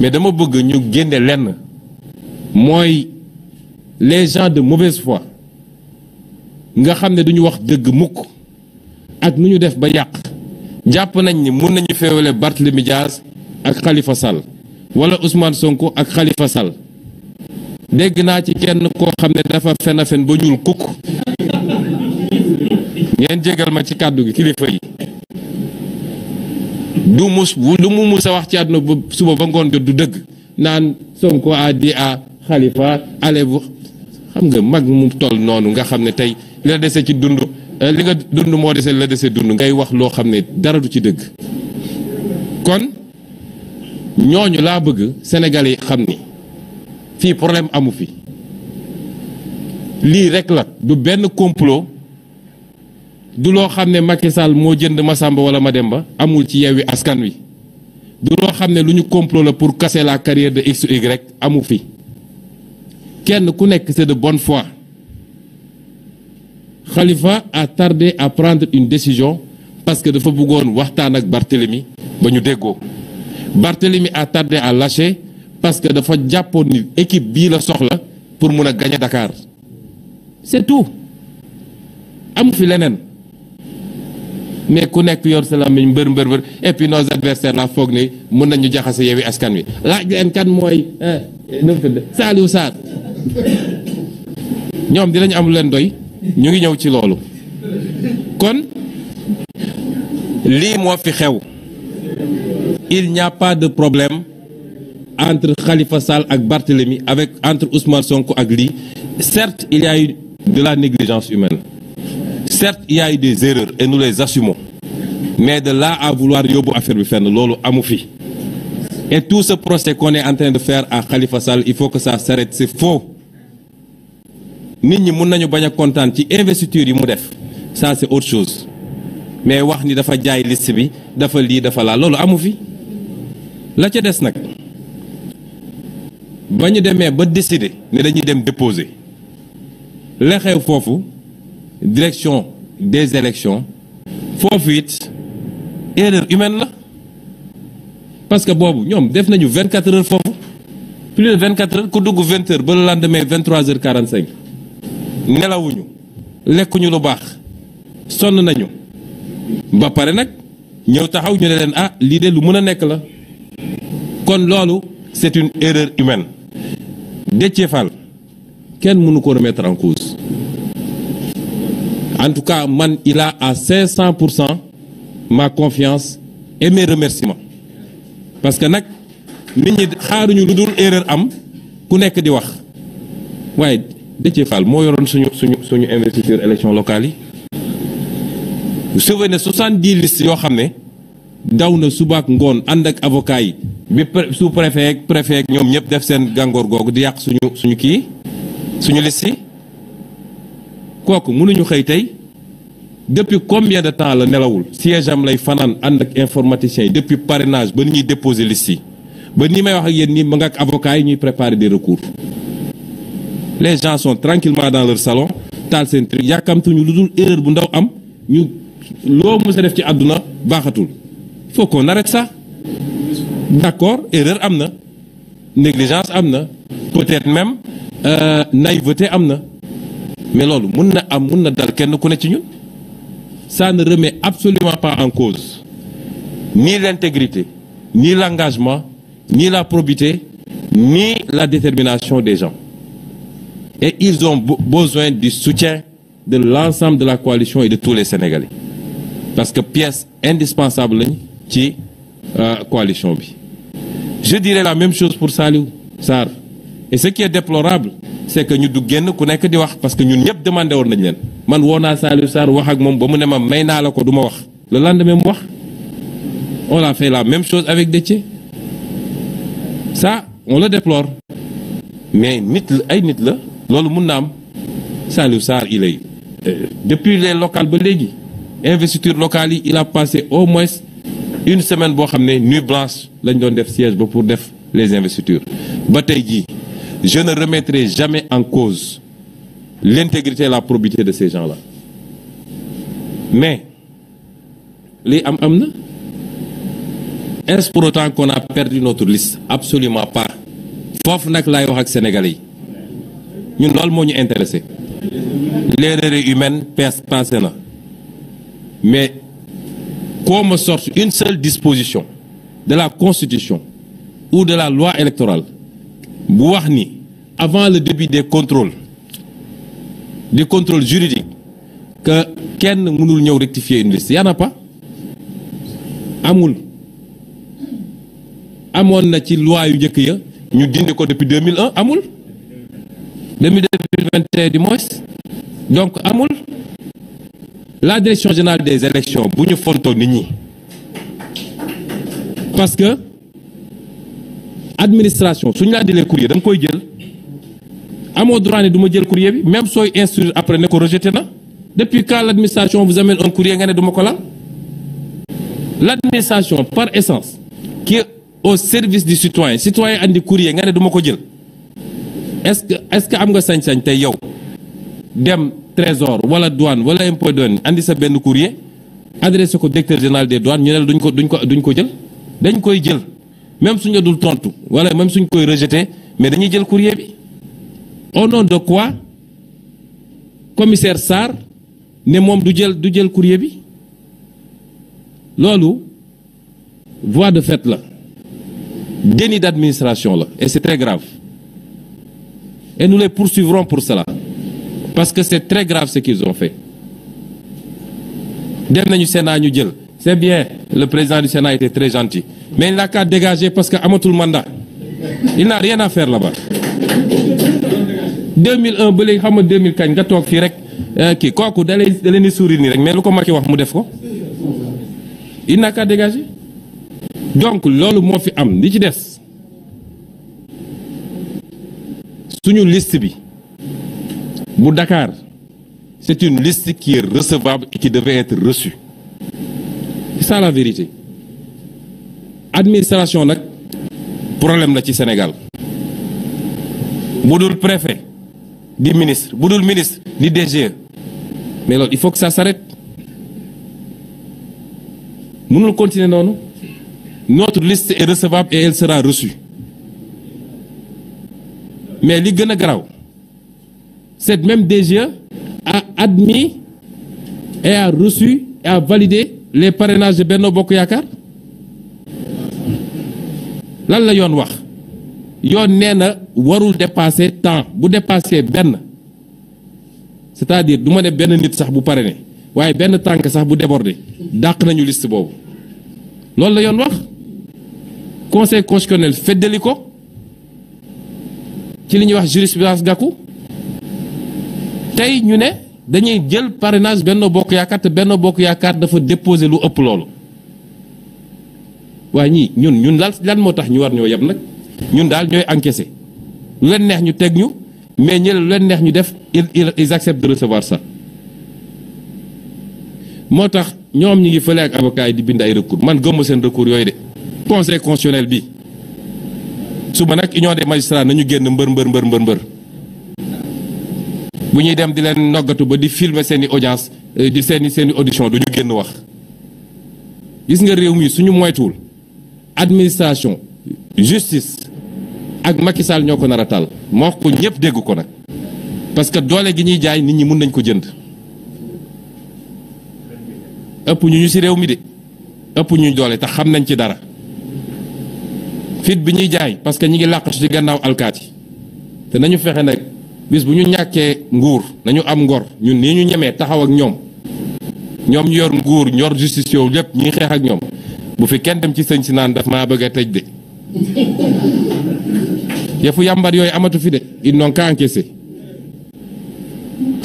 mais dama bëgg ñu génne lenn mooy les gens de mauvaise foi nga xam ne duñu wax dëgg mukk ak nu ñu def ba yàq jàpp nañ ni mun nañu féewale Barthélemy Dias ak Khalifa sal wala Ousmane Sonko ak Khalifa Sall dégg naa ci kenn koo xam ne dafa fen a fen ba ñuul kukk ngeen jegal ma ci kàddu gi kilifa yi du mus lu mu mus a wax ci àdduna ba suba ba ngoon jot du dëgg naan Sonko a di a Khalifa allez vous xam nga mag mu toll noonu nga xam ne tey la dese ci dund euh, li nga dund moo dese la dese dund ngay wax loo xam ne dara du ci dëgg kon ñooñu laa bëgg Sénégalais yi xam ni fii problème amu fi lii rek la du benn complot du loo xam ne Macky moo jënd ma Massamba wala demba amul ci Yewwi Askan Wi du loo xam ne lu ñu complot la pour casser la carrière de X ou rek amu fi kenn ku nekk c'est de bonne fois Khalifa a tardé à prendre une décision parce que dafa bëggoon waxtaan ak Barthélemy ba ñu déggoo Barthélemy a tardé à lâcher parce que dafa jàppoon ni équipe bii la soxla pour mun a gagner Dakar c'est tout amu fi leneen mais ku nekk yor sa làmmiñ mbër mbër mbër et puis nos adversaires la foog ni mën nañu jaxase yeewi askan wi laaj leen kan mooy nu mu tudd Saliou Sarr ñoom dinañ am leen doy ñu ngi ñëw ci loolu kon lii moo fi xew il n'y pas de problème entre Khalifa Sall ak Barthélemy avec entre Ousmane Sonko ak lii certes il y eu de la négligence humaine certes il y a eu des erreurs et nous les assumons mais de la à vouloir yóbbu affaire bi fenn loolu amu fi et tout ce procès qu'on est de faire à Khalifa Sall il faut que ça s'arrête c'est faux nit ñi mun nañu bañ a kontaan ci investiture yi mu def ça c'est autre chose mais wax ni dafa jaay liste bi dafa lii dafa laa loolu amu fi la ca des nag ba ñu demee ba décider ne dañuy dem déposé la foofu direction des élections foofu it erreur humaine la parce que boobu ñoom def nañu vingt quatre heures foofu plus de vingt quatre heures ku dugg vingt heures ba le lendemain vingt trois heures quarante lekkuñu lu baax sonn nañu ba pare nag ñëw taxaw ñu ne leen ah lii de lu mën a nekk la kon loolu c'est une erreur humaine Déthié Fall kenn mënu ko remettre en cause En tout cas, man, il a à 500% ma confiance et mes remerciements. Parce que nak, nit ñi xaaruñu lu dul erreur am ku nekk di wax waaye Déthié Fall moo yoroon suñu suñu suñu investiture élection locale yi. vous souvenez soixante di listes yoo xam ne daw na subaak ngoon ànd ak avocat yi bi sous préfet ak préfet ak ñoom ñëpp def seen gàngoor googu di yàq suñu suñu kii suñu liste yi kooku ñu xëy tey depuis combien de temps la nelawul siège am lay fanaan ànd ak informaticien yi depuis parrainage ba ni ñuy déposer liste yi ba ni may wax ak yéen nii ma nga ak avocat yi ñuy préparer des recours les gens sont tranquillement dans leur salon taal seen truc yàkkamtuñu lu dul erreur bu ndaw am ñu loo mës def ci àdduna baaxatul faut qu'on arrête ça d'accord erreur am na négligence am na peut-être même euh, naïveté am na mais loolu mun na am mun na dal kenn ku ne ci ñun ça ne remet absolument pas en cause ni l'intégrité ni l'engagement ni la probité ni la détermination des gens et ils ont besoin du soutien de l'ensemble de la coalition et de tous les Sénégalais parce que pièce indispensable lañ ci euh, coalition bi je dirais la même chose pour Saliou Sarr et ce qui est déplorable c'est que ñu du génn ku nekk di wax parce que ñun ñëpp demandé woon nañ leen man woo naa Saliou Sarr wax ak moom ba mu ne ma may naa la ko du ma wax le lendemain mu wax on a fait la même chose avec Déthié ça on le déplore mais nit la ay nit la loolu mun naa am Saliou Sarr il est euh, depuis les locale ba léegi investiture locale yi il a passé au moins une semaine boo xam ne nuit blanche lañ doon def siège ba pour def les investitures ba tey jii je ne remettrai jamais en cause l'intégrité et la probité de ces gens-là mais lii am am na est-ce pour autant qu'on a perdu notre liste absolument pas foofu nag laay wax ak sénégalais yi ñun loolu moo ñu intéressé l'erreur humaine pes passé na mais qu'on sorte une seule disposition de la constitution ou de la loi électorale bu wax ni avant le début des contrôles des contrôles juridiques que kenn mënul ñëw rectifier une liste y pa a pas amul amoon na ci loi yu njëkk ya ñu dindi ko depuis 2001 amul depuis 2021 du moins donc amul la direction générale des élections bu ñu fontoo nit ñi parce administration suñu laa dilee courrier da dama koy jël amoo droit ne du jël courrier bi même sooy instruire après ne ko rejeté na depuis quand l' administration vous amène un courrier nga ne du ko laal l' par essence qui est au service du citoyen citoyen andi courrier nga ne du ma ko jël est ce que est ce que am nga sañ-sañ tey yow dem trésor wala douane wala impôt douane andi sa benn courrier adressé ko directeur général des douanes ñu ne ko duñ ko duñ ko jël dañ koy jël. même suñ dul tontu wala même suñ koy rejeté mais dañuy jël courrier bi au nom de quoi commissaire Sarr ne moom du jël du jël courrier bi loolu voie de fait la déni d'administration la et c'est très grave et nous les poursuivrons pour cela parce que c'est très grave ce qu'ils ont fait dem nañu seenaa ñu jël c'est bien le président du Sénat était très gentil mais il n'a qu'à dégager parce que amatul mandat il n'a rien à faire là-bas 2001 ba léegi xam nga 2000 kañ nga toog fii rek euh, kii kooku da lay da leen di nii rek mais lu ko Macky wax mu def ko il n'a qu'à dégager donc loolu moo fi am li ci des suñu list bi bu Dakar c'est une liste qui est recevable et qui devait être reçue c'est ça la vérité administration nag problème la ci Sénégal bu dul préfet di ministre bu dul ministre di DGE mais loolu il faut que ça s'arrête mënul continuer noonu notre liste est recevable et elle sera reçue mais li gën a garaaw cette même DGE a admis et a reçu et a validé les parrainages de Bokk Yaakaar lan la yoon wax yoon nee na warul dépasser temps bu dépasser benn c'est-à-dire du ma ne benn nit sax bu parrainé waaye benn tànk sax bu débordé dàq nañu list boobu loolu la yoon wax conseil constitutionnel feddali ko ci li ñuy wax jurisprudence gàkku tey ñu ne dañuy jël parrainage Benno Bokk Yaakaar te Benno Bokk Yaakaar dafa déposé lu ëpp loolu waaye ñii ñun ñun daal lan moo tax ñu war ñoo yem nag ñun daal ñooy encaissé lu leen neex ñu teg ñu mais ñële lu leen neex ñu def il ils acceptent de recevoir ça moo tax ñoom ñi ngi fële ak avocat di bind ay recours man gëmma seen recours yooyu de conseil constitutionnel bi suba nag union des na ñu génn mbër mbër mbër mbër mbër bu ñuy dem di leen noggatu ba di filmer seeni i euh, di seen i audition du ñu génn wax gis nga réew mi suñu moytuwul administration justice ak Macky Sall ñoo ko nar a taal moo wax ko ñëpp dégg ko nag parce que doole gi ñuy jaay nit ñi mun nañ ko jënd ëpp ñu ñu ci réew mi de ëpp ñu doole te xam nañ ci dara fit bi ñuy jaay parce que ñi ngi làqatu ci gannaaw alkaati te nañu fexe nag bis bu ñu ñàkkee nguur nañu am ngor ñun nii ñu ñemee taxaw ak ñoom ñoom ñu yor nguur ñor justice yow lépp ñuy xeex ak ñoom bu fi kenn dem ci sëñ si naan daf maa bëgg a tëj de yëfu yàmbar yooyu amatu fi de ils n'ont qu'à encaisser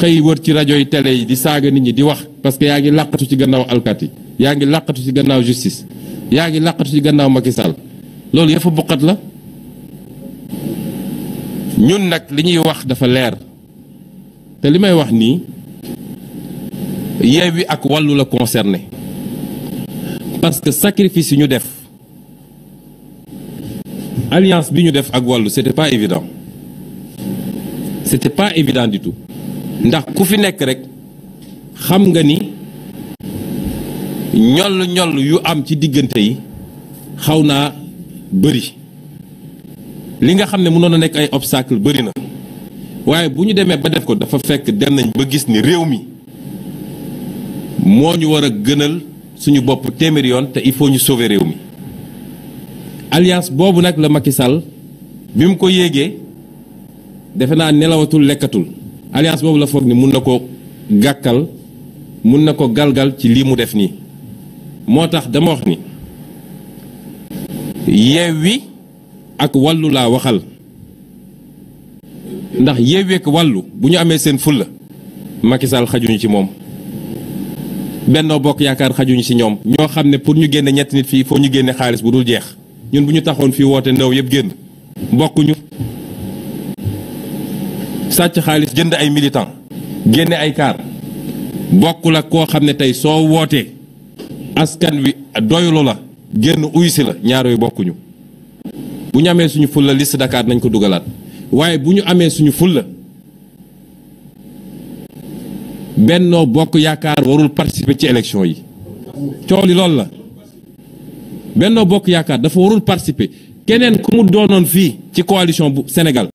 xëy wër ci rajo yi télé yi di saaga nit ñi di wax parce que yaa ngi làqatu ci gannaaw alkati yaa ngi làqatu ci gannaaw justice yaa ngi làqatu ci gannaaw Macky Sall loolu yëfu buqat la ñun nag li ñuy wax dafa leer te li may wax nii Yewwi ak wàllu la concerné parce que sacrifice yi ñu def alliance bi ñu def ak wàllu c'était pas évident c'était pas évident du tout ndax ku fi nekk rek xam nga ni ñol ñoll yu am ci diggante yi xaw naa bëri li nga xam ne mënoon a nekk ay obstacle bëri na waaye bu ñu demee ba def ko dafa fekk dem nañ ba gis ni réew mi moo ñu war a gënal suñu bopp téeméeri yoon te il faut ñu sauver réew mi alliance boobu nag la Macky Sall bi mu ko yéegee defe naa nelawatul lekkatul alliance boobu la foog ni mun na ko gàkkal mun na ko galgal ci lii mu def nii moo tax dama wax ni yeew wi ak wàllu laa waxal ndax yeeweek wàllu bu ñu amee seen fulla Macky Sall xajuñu ci moom Benno Bokk Yaakaar xajuñu ci ñoom ñoo xam ne pour ñu génne ñetti nit fii foo ñu génne xaalis bu dul jeex ñun bu ñu taxoon fii woote ndaw yëpp génn bokkuñu sàcc xaalis jënd ay militant génne ay kaar bokkul ak koo xam ne tey soo wootee askan wi doylu la génn uy la ñaar yooyu bokkuñu bu ñu amee suñu fulla list Dakar nañ ko dugalaat waaye bu ñu amee suñu fulla Benno Bokk Yaakaar warul participer ci élection yi coow li loolu la Benno Bokk Yaakaar dafa warul participer keneen ku mu doonoon fii ci coalition bu Sénégal